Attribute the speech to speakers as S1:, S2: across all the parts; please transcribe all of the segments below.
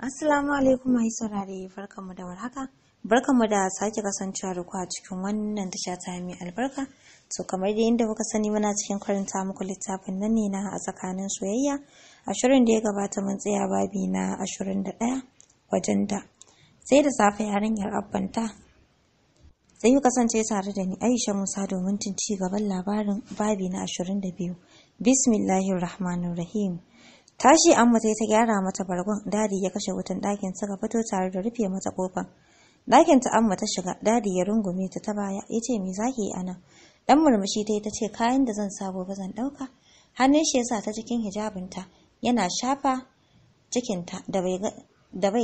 S1: Assalamu alaikum mai saurare barkanmu da warhaka. Barkanmu da sake kasancewa da ku a cikin wannan tasha ta mai albarka. To kamar da inda kuka sani muna cikin karanta muku littafin nan ne na a tsakanin soyayya. Ashirin da ya gabata mun tsaya babi na ashirin da ɗaya wajen da. Sai da safe yarinyar abbanta sai ku kasance tare da ni Aisha Musa domin cin ci gaban labarin babi na ashirin da biyu. Bismillahirrahmanirrahim. Tashi amma ta yi ta gyara mata bargon, dadi ya kashe wutan ɗakin suka fito tare da rufe mata kofar. Ɗakin ta amma ta shiga, dadi ya rungume ta ta baya, ya ce me zaki yi anan? Dan murmushi ta yi ta ce kayan da zan sabo ba zan ɗauka. Hannun shi ya sa ta cikin hijabinta, yana shafa cikinta da bai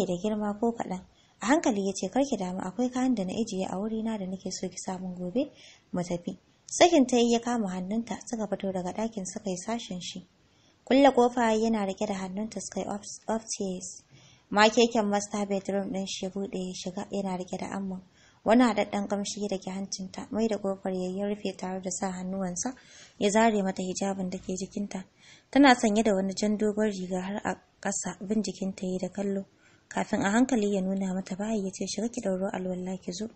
S1: da girma ko kaɗan. A hankali ya ce karki damu akwai kayan da na ijiye a wurina da nake so ki samun gobe mu tafi. Sakin ta yi ya kama hannunta suka fito daga ɗakin suka yi sashen shi. kulle kofa yana rike da hannunta suka of upstairs ma keken master bedroom din shi bude ya shiga yana rike da amma. wani haɗaɗɗen kamshi da ke hancinta mai da kofar ya rufe tare da sa hannuwansa ya zare mata hijabin da ke jikinta tana sanye da wani jan dogon riga har a ƙasa bin jikinta yi da kallo kafin a hankali ya nuna mata bayi ya ce shiga ki ɗauro alwala ki zo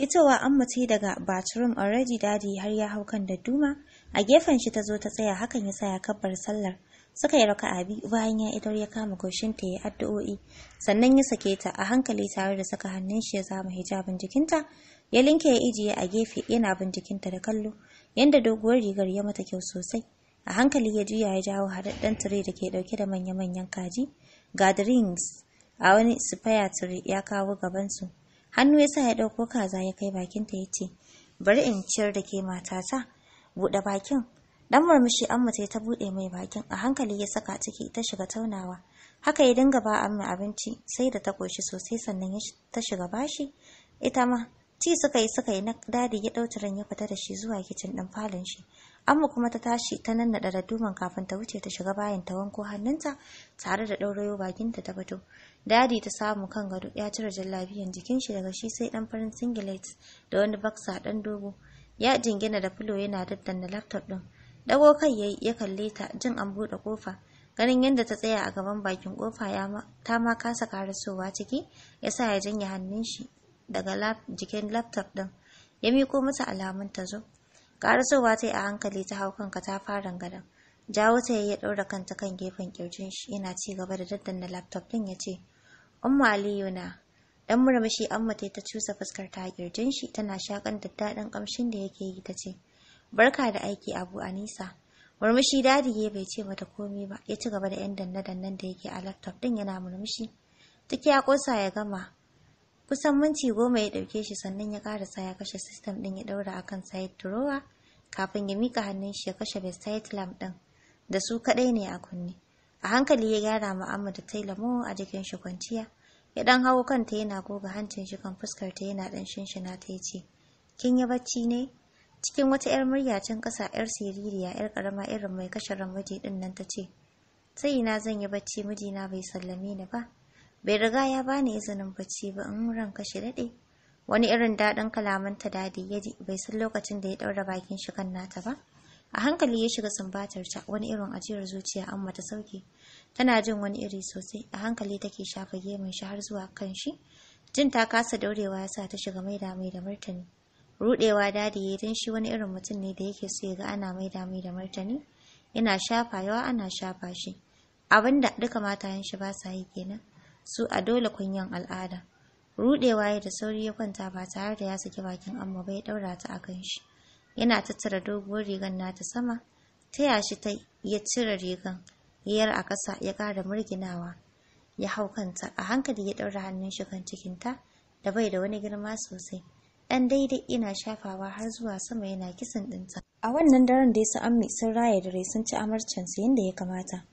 S1: fitowa an ce daga bathroom already dadi har ya hau kan duma a gefen shi ta zo ta tsaya hakan ya sa ya kabbar sallar suka yi raka'a biyu bayan ya idar ya kama ta ya addu'o'i sannan ya sake ta a hankali tare da saka hannun shi ya zama hijabin jikinta ya linke ya ijiye a gefe yana bin jikinta da kallo yanda doguwar rigar ya mata kyau sosai a hankali ya juya ya jawo haɗaɗɗen tire da ke ɗauke da manya-manyan kaji ga drinks a wani spare tire ya kawo gabansu hannu ya sa ya ɗauko kaza ya kai bakinta ya ce bari in ciyar da ke matata buɗe bakin dan murmushi amma ta buɗe mai bakin a hankali ya saka ciki ta shiga taunawa haka ya dinga ba amma abinci sai da ta koshi sosai sannan ta shiga bashi ita ma ci suka yi suka yi na dadi ya ɗau ran ya fita da shi zuwa kicin ɗin falon shi amma kuma ta tashi ta nannaɗa raduman kafin ta wuce ta shiga bayan ta wanko hannunta tare da ɗaurayo bakinta ta fito dadi ta samu kan gado ya cire jallabiyan jikin shi daga shi sai dan farin singlet da wani baksa dan dogo ya jingina da filo yana daddanna laptop din dago kai yayi ya kalle ta jin an bude kofa ganin yadda ta tsaya a gaban bakin kofa ya ta ma kasa karasowa ciki yasa ya janye hannun shi daga jikin laptop din ya miko mata alamun ta zo karasowa ta a hankali ta hau kanka ta fara gadan jawo ta ya ɗaura kanta kan gefen kirjin shi yana ci gaba da daddanna laptop din ya ce Umma Aliyu na. Dan murmushi Amma ta ta cusa fuskar ta kirjin shi tana shakan daɗin kamshin da yake yi ta ce, Barka da aiki Abu nisa. Murmushi dadi ya bai ce mata komai ba, ya ci gaba da yan danne-dannen da yake a laptop ɗin yana murmushi. Duk ya kosa ya gama. Kusan minti goma ya ɗauke shi sannan ya karasa ya kashe sistem ɗin ya ɗaura a kan side drawer kafin ya mika hannun shi ya kashe best lamp ɗin. Da su kaɗai ne a kunne. a hankali ya gyara mu'amma da tai lamo a jikin shi kwanciya ya dan hawo kanta yana goga hancin shi kan fuskar ta yana dan shinshina ta yace kin yi bacci ne cikin wata yar murya can kasa yar siririya yar karama irin mai kashe ran miji din nan ta ce sai ina zan yi bacci mijina bai sallame ni ba bai riga ya bani izinin bacci ba in ran kashe dade wani irin daɗin kalamanta dadi ya ji bai san lokacin da ya ɗaura bakin shi kan nata ba a hankali ya shiga sumbatar ta wani irin ajiyar zuciya amma ta sauke tana jin wani iri sosai a hankali take shafa gemun shi har zuwa kan shi jin ta kasa daurewa ya sa ta shiga maida mai da martani rudewa dadi ya dan shi wani irin mutum ne da yake so ya ga ana maida mai da martani yana shafa yawa ana shafa shi abinda duka matayen shi ba sa yi kenan su a dole kunyan al'ada rudewa ya da sauri ya kwanta ba tare da ya saki bakin amma bai daura ta akan shi yana tattara doguwar rigar nata sama ta yashi ta ya cire rigan yayar a ƙasa ya ƙara murginawa ya hau kanta a hankali ya ɗaura hannun shi kan cikinta da bai da wani girma sosai ɗan daidai ina shafawa har zuwa sama yana kisan ɗinta a wannan daren da ya su ammi sun raya dare sun ci su yadda ya kamata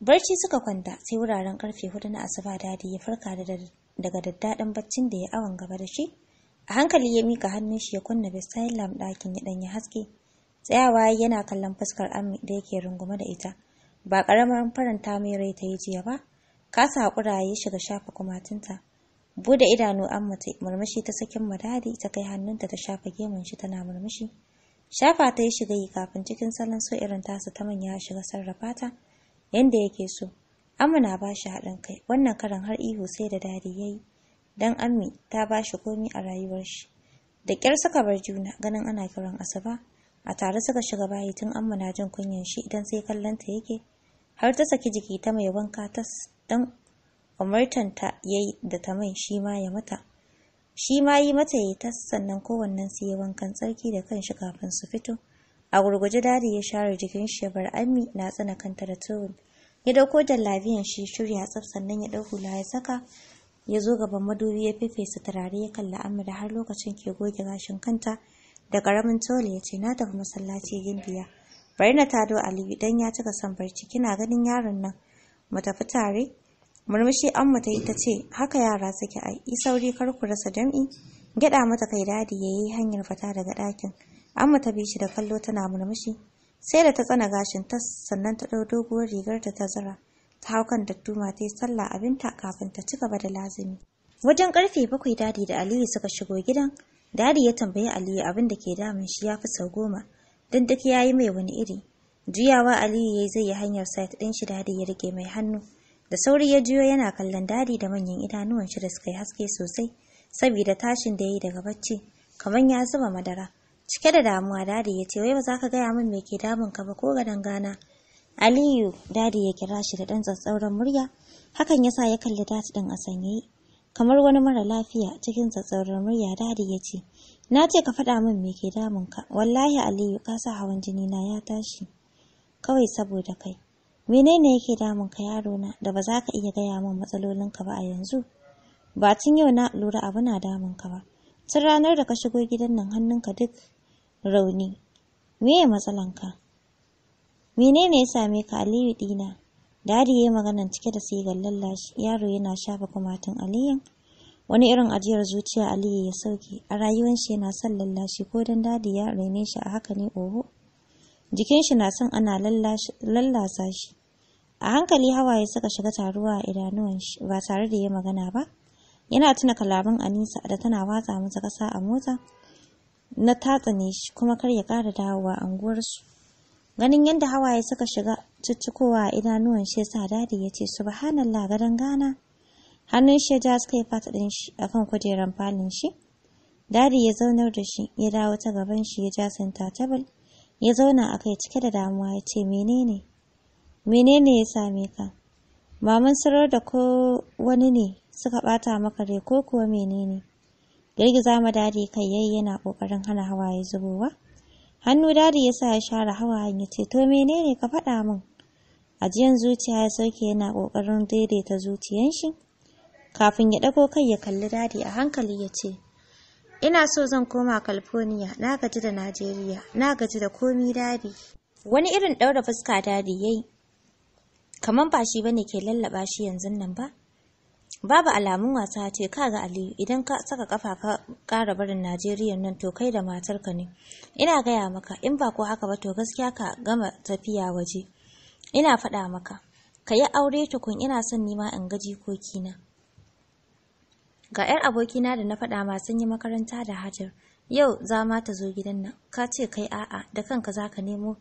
S1: barci suka kwanta sai wuraren karfe hudu na asuba dadi ya farka daga daddaɗan baccin da ya awon gaba da shi a hankali ya mika hannun shi ya kunna bisayin lamp ɗakin ya ɗanyi haske tsayawa yana kallon fuskar ami da yake rungume da ita ba ƙaramar faranta mai rai ta yi jiya ba kasa haƙura ya shiga shafa kumatinta bude idanu an ta murmushi ta sakin madadi ta kai hannunta ta shafa gemun shi tana murmushi shafa ta yi shiga yi kafin cikin salon so irin tasa ta manya shiga sarrafa ta yanda yake so amma na ba shi haɗin kai wannan karan har ihu sai da dadi ya yi don ammi ta ba shi komi a rayuwar shi da ƙyar suka bar juna ganin ana kiran asaba a tare suka shiga bayi tun amma na jin kunyan shi idan sai kallonta yake har ta saki jiki ta mai wanka ta dan umartan ya yi da ta mai shi ma ya mata shi ma yi mata ya ta sannan kowannen sai yi wankan tsarki da kanshi kafin su fito a gurguje dadi ya share jikin shi ya bar ammi na tsana kanta da towel ya dauko jallabiyan shi shirya tsaf sannan ya dau la ya saka ya zo gaban madubi ya fefesa turare ya kalli amira har lokacin ke goge gashin kanta da karamin tole ya ce na tafi masallaci biya. bari na tado aliyu dan ya cika son barci kina ganin yaron nan mu tafi tare murmushi amma ta yi ta ce haka yara suke ai yi sauri kar ku rasa jam'i gyada mata kai dadi ya yi hanyar fata daga ɗakin amma ta bi shi da kallo tana murmushi sai da ta tsana gashin ta sannan ta ɗau doguwar rigar ta ta zira ta hau kan dattuma ta yi sallah abinta kafin ta ci gaba da lazumi. Wajen karfe bakwai dadi da Aliyu suka shigo gidan, dadi ya tambayi Aliyu abin da ke damun shi ya fi sau goma, don duk ya yi mai wani iri. Juyawa Aliyu ya zai yi hanyar site ɗin shi dadi ya rike mai hannu. Da sauri ya juyo yana kallon dadi da manyan idanuwan shi da suka yi haske sosai, saboda tashin da ya yi daga bacci, kamar ya zuba madara. Cike da damuwa dadi ya ce wai ba za ka gaya min me ke damun ka ba ko gadon gana. Aliyu, dadi ya kira shi da ɗan tsatsauran murya, hakan ya sa ya kalli dati ɗin a sanyaye. Kamar wani mara lafiya cikin tsatsauran murya dadi ya ce, Na ce ka faɗa min me ke ka. wallahi Aliyu ka sa hawan jini na ya tashi. Kawai saboda kai, menene yake damunka yarona da ba za ka iya gaya min matsalolinka ba a yanzu? Ba tun yau na lura abu na ka ba, tun ranar da ka shigo gidan nan hannunka duk rauni. Me ya ka? menene ya same ka aliyu dina dadi ya yi magana cike da sigar lallashi yaro yana shafa kumatun aliyun wani irin ajiyar zuciya aliyu ya sauke a rayuwar shi yana son lallashi ko dan dadi ya raine shi a haka ne oho jikin shi na son ana lallasa shi a hankali Hawa ya saka shiga taruwa a idanuwan shi ba tare da ya magana ba yana tuna kalaman anisa da tana watsa masa kasa a mota na tatsane shi kuma kar ya kara dawowa anguwarsu ganin yadda hawaye suka shiga Tuttukowa a idanuwan shi sa dadi ya ce subhanallah gadon gana hannun shi ja suka yi fata ɗin shi akan kujeran falin shi dadi ya zaunar da shi ya dawo ta gaban shi ya ja santa tabal ya zauna a kai cike da damuwa ya ce menene menene ya same ka maman sarar da ko wani ne suka bata maka rai ko kuwa menene girgiza ma dadi kai yayi yana kokarin hana hawaye zubowa hannu dadi ya sa ya share hawayen ya ce to menene ka faɗa min ajiyan zuciya ya sauke yana ƙoƙarin daidaita zuciyan shi kafin ya ɗago kai ya kalli dadi a hankali ya ce ina so zan koma california na gaji da najeriya na gaji da komi dadi wani irin ɗaura fuska dadi yayi kamar ba shi bane ke lallaba shi yanzu nan ba babu alamun wasa ce ga aliyu idan ka saka kafa ka kara barin najeriya nan to kai da matarka ne ina gaya maka in ba ko haka ba to gaskiya ka gama tafiya waje ina faɗa maka ka yi aure tukun ina son nima in ga na. ga 'yar abokina da na faɗa ma sun yi makaranta da hajar yau za ma ta zo gidan nan ka ce kai a'a da kanka za ka nemo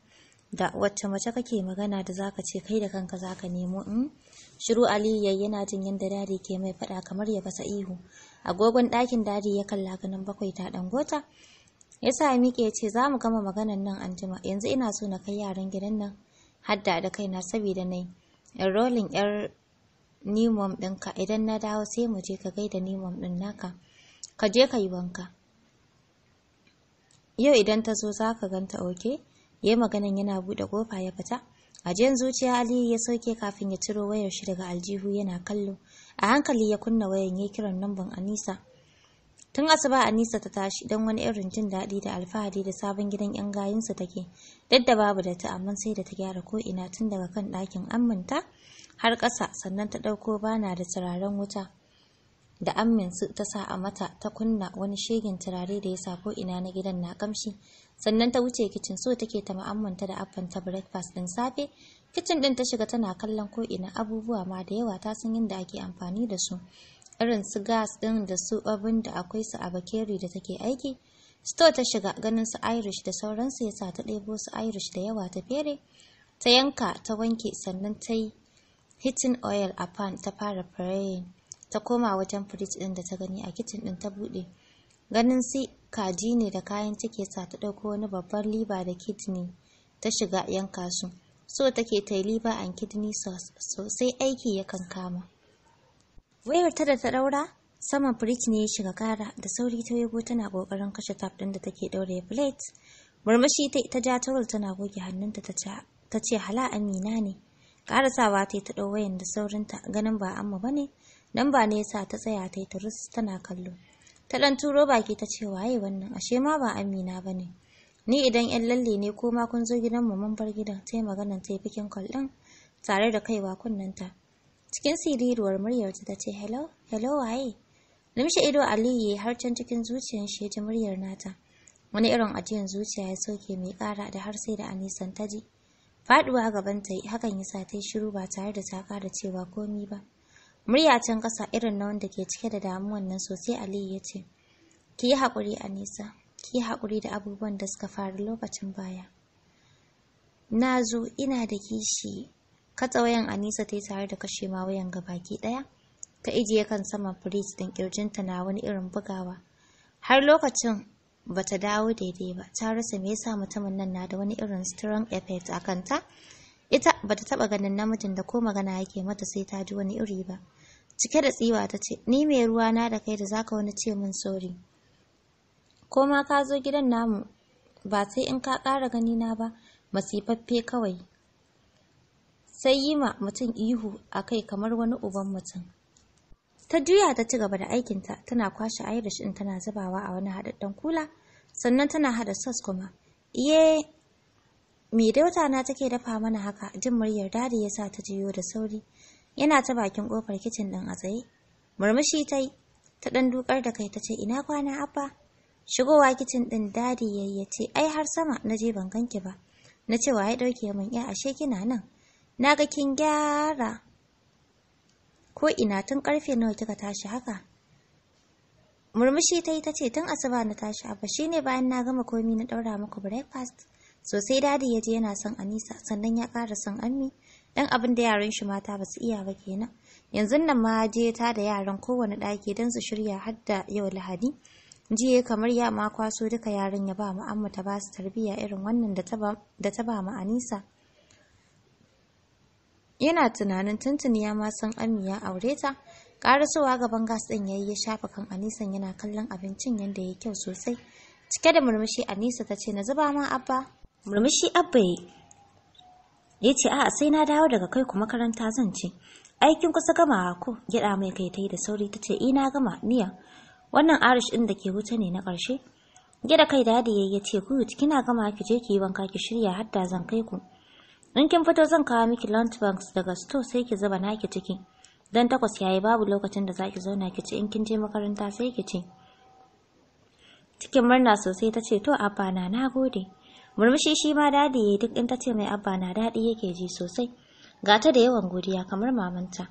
S1: da wacce mace kake magana da zaka ce kai da kanka zaka nemo in hmm? shiru ali yana jin yanda dadi ke mai fada kamar ya fasa ihu agogon ɗakin dadi ya kalla ganin bakwai ta dangota ya sa miƙe ya ce za mu gama maganan nan anjima yanzu ina so na kai yaran gidan nan hadda da kaina saboda nai enrolling yar nimom ɗinka idan na dawo sai mu je ka gaida nimom ɗin naka ka je ka yi wanka yau idan ta zo za ka ganta oke ya maganan yana bude kofa ya fita ajiyan zuciya aliyu ya sauke kafin ya ciro wayar shi daga aljihu yana kallo a hankali ya kunna wayan ya kiran namban anisa tun asuba anisa ta tashi don wani irin jin dadi da alfahari da sabon gidan yan gayinsa take duk da babu da ta amma sai da ta gyara ko ina tun daga kan dakin aminta har ƙasa sannan ta dauko bana da turaren wuta da su ta sa a mata ta kunna wani shegin turare da ya sa ko ina na gidan na kamshi sannan ta wuce kicin so take ta ma'amunta da ta breakfast din safe kicin din ta shiga tana kallon ko ina abubuwa ma da yawa ta san yadda ake amfani da su irin su gas din da su abin da akwai su a bakeri da take aiki sto ta shiga ganin su irish da sauransu ya sa ta ɗebo su irish da yawa ta fere ta yanka ta wanke sannan ta yi hitting oil a pan ta fara praying ta koma wajen firij ɗin da ta gani a kicin ɗin ta buɗe ganin si kaji ne da kayan take sa ta ɗauko wani babban liba da kidney ta shiga yanka su so take ta yi liba and kidney sauce sosai aiki ya kan kama wayar ta da ta ɗaura saman firij ne ya shiga kara da sauri ta yabo tana kokarin kashe tap ɗin da take ɗaure plate murmushi ta ja tawul tana goge hannunta ta ce hala amina ne karasawa ta yi ta ɗau wayan da saurinta ganin ba amma ba ne Nan ba nesa ta tsaya ta yi turus tana kallo ta ɗan turo baki ta ce waye wannan ashe ma ba amina ba ne ni idan yan lalle ne ko ma kun zo gidan mu mun bar gidan sai maganan ta yi fikin kwal tare da kaiwa ta. cikin siriruwar muryar ta ce hello hello waye limshe ido aliyu har can cikin zuciyar shi ta muryar nata wani irin ajiyar zuciya ya sauke mai kara da har sai da anisan ta ji Faɗuwa gaban ta hakan ya sa ta shiru ba tare da ta ƙara cewa komi ba Murya can ƙasa irin na wanda ke cike da damuwan nan sosai Aliyu ya ce, Ki yi haƙuri a nisa, ki yi haƙuri da abubuwan da suka faru lokacin baya. Na zo ina da kishi, katsa wayan Anisa ta yi tare da kashe ma wayan gabaki ɗaya, ta ijiye kan saman firij ɗin ƙirjinta na wani irin bugawa. Har lokacin bata dawo daidai ba, ta rasa me yasa mutumin nan na da wani irin strong effect a kanta. ita ba ta taɓa ganin namijin da ko magana yake mata sai ta ji wani iri ba cike da tsiwa ta ce ni mai ruwa na da kai da za ka wani ce min sori ko ma ka zo gidan namu ba sai in ka ƙara gani na ba masifaffe kawai sai yi ma mutum ihu a kai kamar wani uban mutum ta juya ta ci gaba da aikinta tana kwashe irish ɗin tana zubawa a wani haɗaɗɗen kula sannan tana haɗa sos kuma iye Me wata na take dafa mana haka jin muryar dadi ya sa ta jiyo da sauri. Yana ta bakin kofar kicin din a tsaye. Murmushi ta yi, ta dan dukar da kai ta ce ina kwana abba. Shigowa kicin din dadi yi ya ce ai har sama na je ban ganki ba. Na ce wa ya ɗauke min ya ashe kina nan. Na ga kin gyara ko ina tun karfe nawa kika tashi haka. Murmushi ta yi ta ce tun asuba na tashi abba shine bayan na gama komi na daura muku breakfast. Sosai dadi ya je yana son Anisa sannan ya ƙara son Ammi. Dan abin da yaran shi mata ba su iya ba kenan. Yanzu nan ma je ta da yaran kowane ɗaki don su shirya har da yau Lahadi. Jiya kamar ya ma kwaso duka yaran ya ba mu amma ta ba su tarbiyya irin wannan da ta ba mu Anisa. Yana tunanin tuntuni ya ma san Ammi ya aure ta. Karasowa gaban gas ɗin yayi ya shafa kan Anisan yana kallon abincin yadda ya kyau sosai. Cike da murmushi Anisa ta ce na zuba ma abba murmushi abba ya ce a'a sai na dawo daga kai ku makaranta zan ce aikin kusa gama ko gyaɗa mai kai ta yi da sauri ta ce ina gama miya wannan arish ɗin da ke wuta ne na ƙarshe gida kai dadi ya ce ku kina gama ki je ki yi wanka ki shirya hadda zan kai ku in kin fito zan kawo miki lunch banks daga store sai ki zuba naki ciki dan takwas yayi babu lokacin da zaki zauna ki ci in kin je makaranta sai ki ci cikin murna sosai ta ce to abba na gode. murmushi shi ma dadi ya duk in ta ce mai abba na dadi yake ji sosai ga ta da yawan godiya kamar mamanta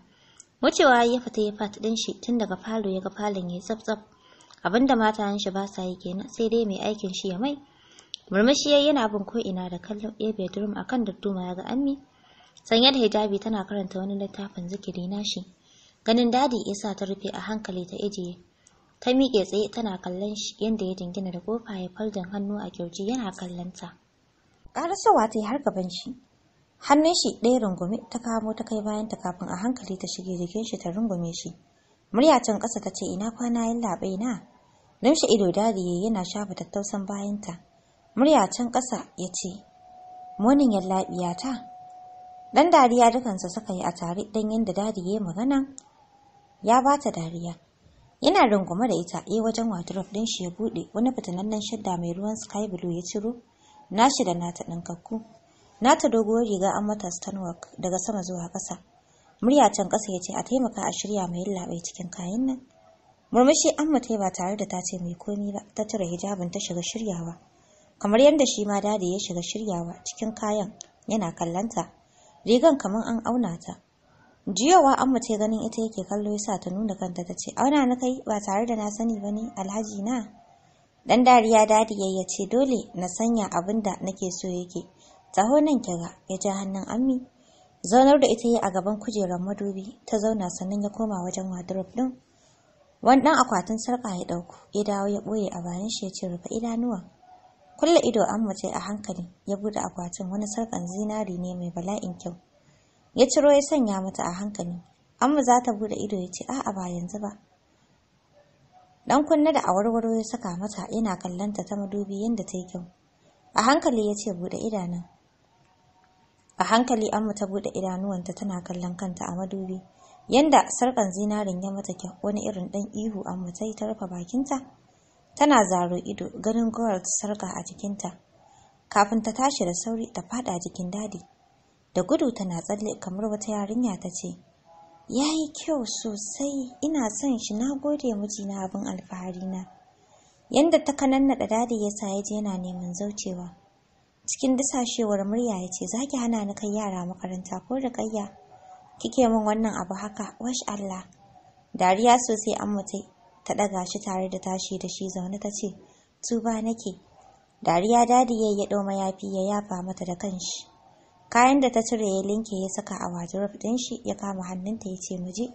S1: wucewa ya fita ya fata din shi tun daga falo ya ga falon ya tsaf tsaf abinda matayen shi ba sa yi kenan sai dai mai aikin shi ya mai murmushi ya yana bin ko ina da kallon ya bedroom akan dattuma ya ga ammi sanye da hijabi tana karanta wani littafin zikiri nashi ganin dadi sa ta rufe a hankali ta ijiye ta miƙe tsaye tana kallon shi yadda ya dingina da kofa ya faldin hannu a kirji yana kallon ta ƙarasawa ta yi har gaban shi hannun shi ɗaya rungume ta kamo ta kai bayan kafin a hankali ta shige jikin shi ta rungume shi murya can ƙasa ta ce ina kwana yin laɓai na numshi ido dariye yana shafa tattausan bayanta murya can ƙasa ya ce monin yallaɓiya ta dan dariya dukansa suka yi a tare dan yadda dariye magana ya ba ta dariya yana rungume da ita e wajen wardrobe din shi ya buɗe wani fitinannen shadda mai ruwan sky blue ya ciro Na shi da nata kakku. nata doguwar riga an mata stanwork daga sama zuwa ƙasa murya can ƙasa ya ce a taimaka a shirya mai labai cikin kayan nan murmushi an mutai ba tare da ta ce mai komi ba ta cire hijabin ta shiga shiryawa kamar yadda shi ma dadi ya shiga shiryawa cikin kayan yana kallanta rigan kamar an auna ta jiyowa amma ce ganin ita yake kallo yasa ta nuna kanta ta ce auna na kai ba tare da na sani ba ne alhaji na dan dariya dadi ya ce dole na sanya abin da nake so yake taho nan ga ya ji hannun ammi zaunar da ita yi a gaban kujerar madubi ta zauna sannan ya koma wajen wardrobe din wani dan akwatin sarka ya dauko ya dawo ya boye a bayan shi ya ce rufe idanuwa kulle ido amma ce a hankali ya bude akwatin wani sarkan zinari ne mai bala'in kyau ya ciro ya sanya mata a hankali amma za ta bude ido ya ce a'a ba yanzu ba dan kunna da awarwaro ya saka mata yana kallanta ta madubi yadda ta yi kyau a hankali ya ce bude idanun a hankali amma ta bude idanuwanta tana kallon kanta a madubi yanda sarkan zinarin ya mata kyau wani irin dan ihu amma ta yi ta rufe bakinta tana zaro ido ganin gold sarka a jikinta kafin ta tashi da sauri ta fada jikin dadi da gudu tana tsalle kamar wata yarinya ta ce ya yi kyau sosai ina son shi na gode mijina abin alfahari na yadda ta kanannaɗa dadi ya sa ya je yana neman zaucewa cikin disashewar murya ya ce za ki hana ni kai yara makaranta ko da kayya kike min wannan abu haka wash Allah dariya sosai mutai, ta ɗaga shi tare da tashi da shi zaune ta ce tuba nake dariya dadi ya yi ɗau mayafi ya yafa mata da kanshi kayan da ta cire ya linke ya saka a wardrobe ɗin shi ya kama hannunta ya ce muje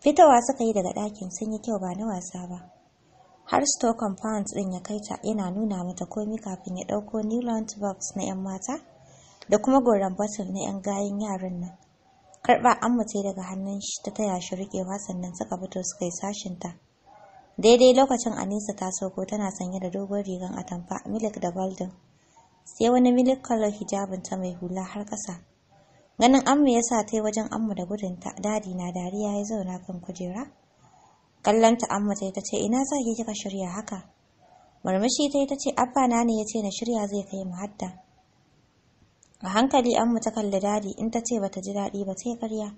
S1: fitowa suka yi daga ɗakin sun yi kyau ba na wasa ba har store compound ɗin ya kai ta yana nuna mata komi kafin ya ɗauko new launch box na 'yan mata da kuma Goran bottle na 'yan gayen yaran nan karɓa an mace daga hannun shi ta taya shi riƙewa sannan suka fito suka yi sashinta daidai lokacin anisa ta sauko tana sanye da dogon rigan atamfa milik da baldin. sai wani milik kalar ta mai hula har ƙasa. Ganin amma ya sa ta yi wajen amma da gudunta, dadi na dariya ya zauna kan kujera. Kallanta amma ta ta ce, ina za ki kika shirya haka? Murmushi ta ta ce, abba na ne ya ce na shirya zai kai mu hadda. A hankali amma ta kalli dadi in ta ce bata ji daɗi ba ta yi karya.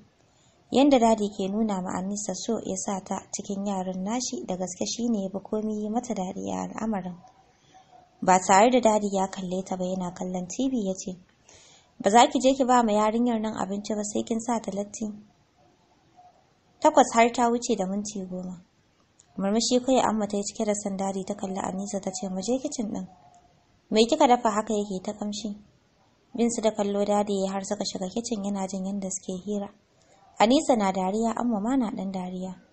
S1: Yanda dadi ke nuna ma'anisa so ya sa ta cikin yaran nashi da gaske shine ya bi komi yi mata daɗi a al'amarin. ba tare da dadi ya kalle ta ba yana kallon tv ya ce ba za ki je ki ba ma yarinyar nan abinci ba sai kin sa ta takwas har ta wuce da minti goma murmushi kai amma ta yi cike da san dadi ta kalli anisa ta ce mu je kicin din me kika dafa haka yake ta kamshi bin su da kallo dadi ya har suka shiga kicin yana jin yadda suke hira anisa na dariya amma ma na dan dariya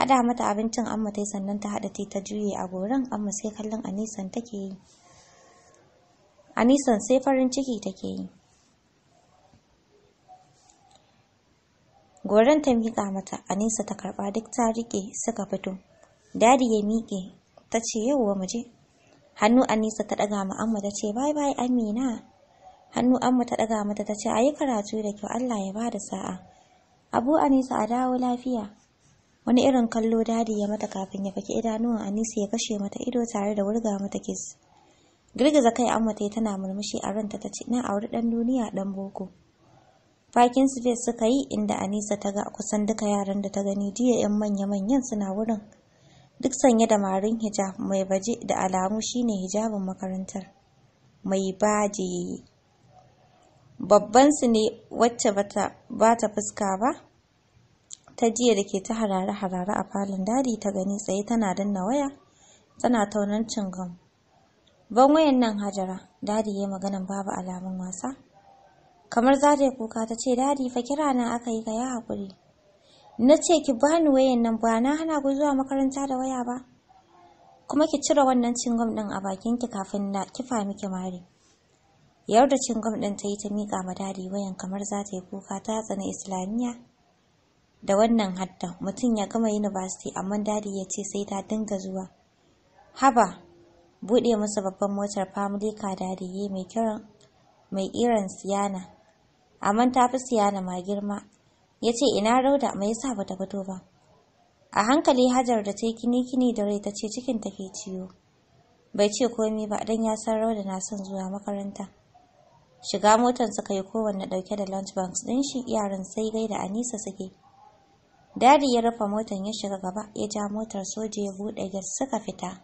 S1: hada mata abincin amma ta tai sannan ta hada ta juye a goran amma sai kallon anisan take yi anisan sai farin ciki take yi goran ta miƙa mata anisa ta karɓa duk ta riƙe suka fito dadi ya miƙe ta ce yauwa mu je hannu anisa ta ɗaga ma amma ta ce bye bye amina hannu amma ta ɗaga mata ta ce a yi karatu da kyau allah ya ba da sa'a abu anisa a dawo lafiya wani irin kallo dadi ya mata kafin ya faki idanuwan anisa ya kashe mata ido tare da wurga mata kis girgiza kai amma tana murmushi a ranta ta ce na auri dan duniya dan boko fakin space suka yi inda anisa ta ga kusan duka yaran da ta gani jiya yan manya-manyan suna wurin duk sanye da marin hijab mai baje da alamu shine hijabin makarantar mai baje babban su ne wacce bata bata fuska ba ta jiya da ke ta harare-harare a falon dadi ta gani tsaye tana danna waya tana cin cingam ban wayan nan hajara dadi ya maganan babu alamun wasa kamar za ta kuka ta ce dadi fa kira na aka yi ka ya haƙuri na ce ki bani wayan nan ba na hana ku zuwa makaranta da waya ba kuma ki cire wannan gam ɗin a bakin ki kafin na kifa miki mari yau da gam ɗin ta yi ta miƙa ma dadi wayan kamar za ta kuka ta tsana islamiyya da wannan hadda mutum ya gama university amma dadi ya ce sai ta dinga zuwa haba buɗe masa babban motar family car dadi yi mai kiran mai siyana amma ta fi siyana ma girma ya ce ina rauda mai yasa ta fito ba a hankali hajar da ta yi kini-kini da rai ta ce cikin ta ke ciwo bai ce komai ba dan ya san rauda na son zuwa makaranta shiga motar suka yi kowanne dauke da lunch box din shi yaran sai gaida anisa suke dari ya rufe motar ya shiga gaba ya ja motar soja ya buɗe gas suka fita.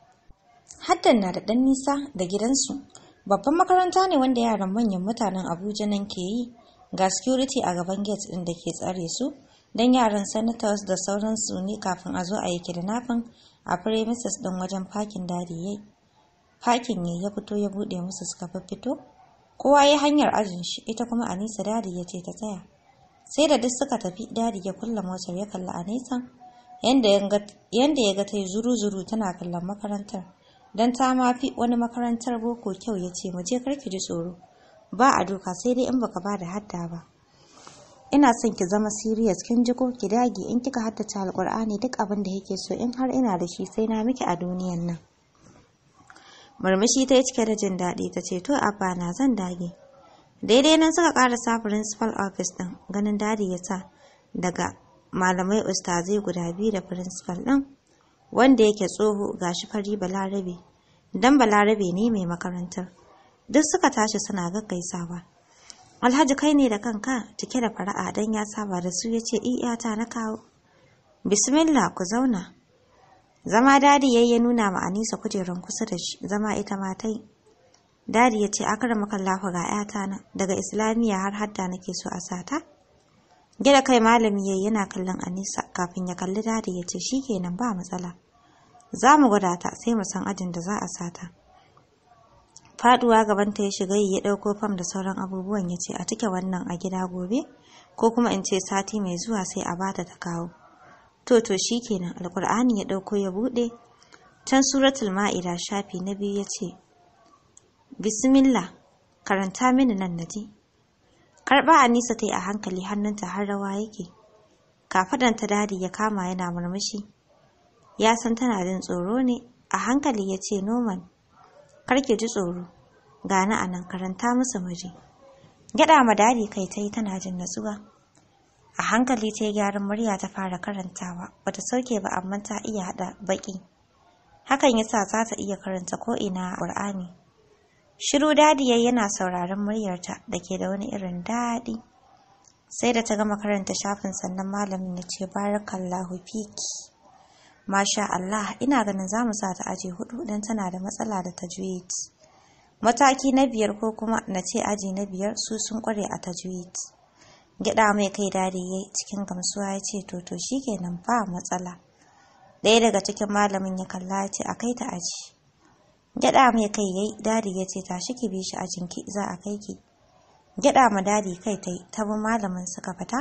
S1: Haddan na da ɗan nisa da gidansu. Babban makaranta ne wanda yaran manyan mutanen Abuja nan ke yi. Ga security a gaban gate ɗin da ke tsare su. Don yaran senators da sauransu ne kafin a zo a yi kidnapping a premises ɗin wajen fakin dadi yayi. Parking ne ya fito ya buɗe musu suka fito. Kowa ya hanyar ajin shi ita kuma Anisa dadi ya ce ta tsaya. sai da duk suka tafi dadi ya kulla motar ya kalla a nesan yanda ya ga ta yi zuru-zuru tana kallon makarantar don ta ma fi wani makarantar boko kyau ya ce muje karki ji tsoro ba a doka sai dai in baka ba da hadda ba ina son ki zama serious kin ji ko ki dage in kika haddace alkur'ani duk abin da yake so in har ina da shi sai na miki a duniyan nan murmushi ta yi cike da jin daɗi ta ce to abba na zan dage daidai nan suka karasa principal office din ganin dadi ya sa daga malamai ustazai guda biyu da principal din wanda yake tsoho gashi fari balarabe dan balarabe ne mai makarantar duk suka tashi suna gaggaisawa alhaji kai ne da kanka cike da fara'a dan ya saba da su yace iyata eh, na kawo bismillah ku zauna zama dadi yayye ya nuna ma anisa kujerun kusa da shi zama ita ma tai Dadi ya ce akarama makallafa ga ‘yata na daga Islamiyya har hadda nake so a sata? Gida kai malami yayi yana kallon Anisa kafin ya kalli dadi ya ce shi kenan ba matsala. Za mu gwada ta sai mu san ajin da za a sata. Faduwa gabanta ya shiga yi ya ɗauko fam da sauran abubuwan ya ce a cike wannan a gida gobe ko kuma in ce sati mai zuwa sai a bata ta kawo. To to shi kenan Alƙur'ani ya ɗauko ya buɗe. Can suratul ma'ida shafi na biyu ya ce Bismillah, karanta mini nan na ji. Karɓa Anisa ta yi a hankali hannunta har rawa yake. ta dadi ya kama yana murmushi. Ya san tana jin tsoro ne, a hankali ya ce Noman, ki ji tsoro, gani a nan karanta musu miji. Gyaɗa ma dadi kai ta yi tana jin natsuwa. A hankali ta yi gyaran murya ta fara karantawa, bata sauke ba amma ta iya haɗa baƙi. Hakan ya sa za ta iya karanta ko'ina a Ƙur'ani. Shiru dadi yana sauraron muryarta da ke da wani irin daɗi. Sai da ta gama karanta shafin sannan malamin ya ce barakallahu fiki. Masha Allah, ina ganin za mu sa ta aji hudu don tana da matsala da tajwid. Mataki na biyar ko kuma na ce aji na biyar su sun kware a tajwid. Gida mai kai dadi ya cikin gamsuwa ya ce to to nan ba matsala. Ɗaya daga cikin malamin ya kalla ya ce a kai ta aji. Gyaɗa mai kai yayi dadi ya ce tashi ki bi shi a jinki za a kai ki. Gyaɗa ma dadi kai tai ta bi malamin suka fata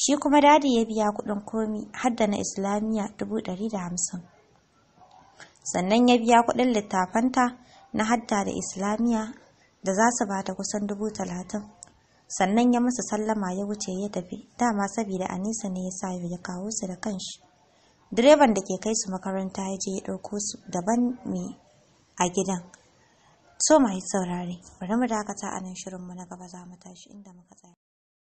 S1: Shi kuma dadi ya biya kuɗin komi har da na Islamiyya dubu ɗari da hamsin. Sannan ya biya kuɗin littafanta na hadda da islamiya da za su bata kusan dubu talatin. sannan ya musu sallama ya wuce ya tafi dama saboda anisa ne ya sa ya kawo su da kanshi direban da ke kai su makaranta ya je ya ɗauko su daban mai a gidan. So mai saurare, bari mu dakata a nan shirinmu na gaba za mu tashi inda muka tsaya.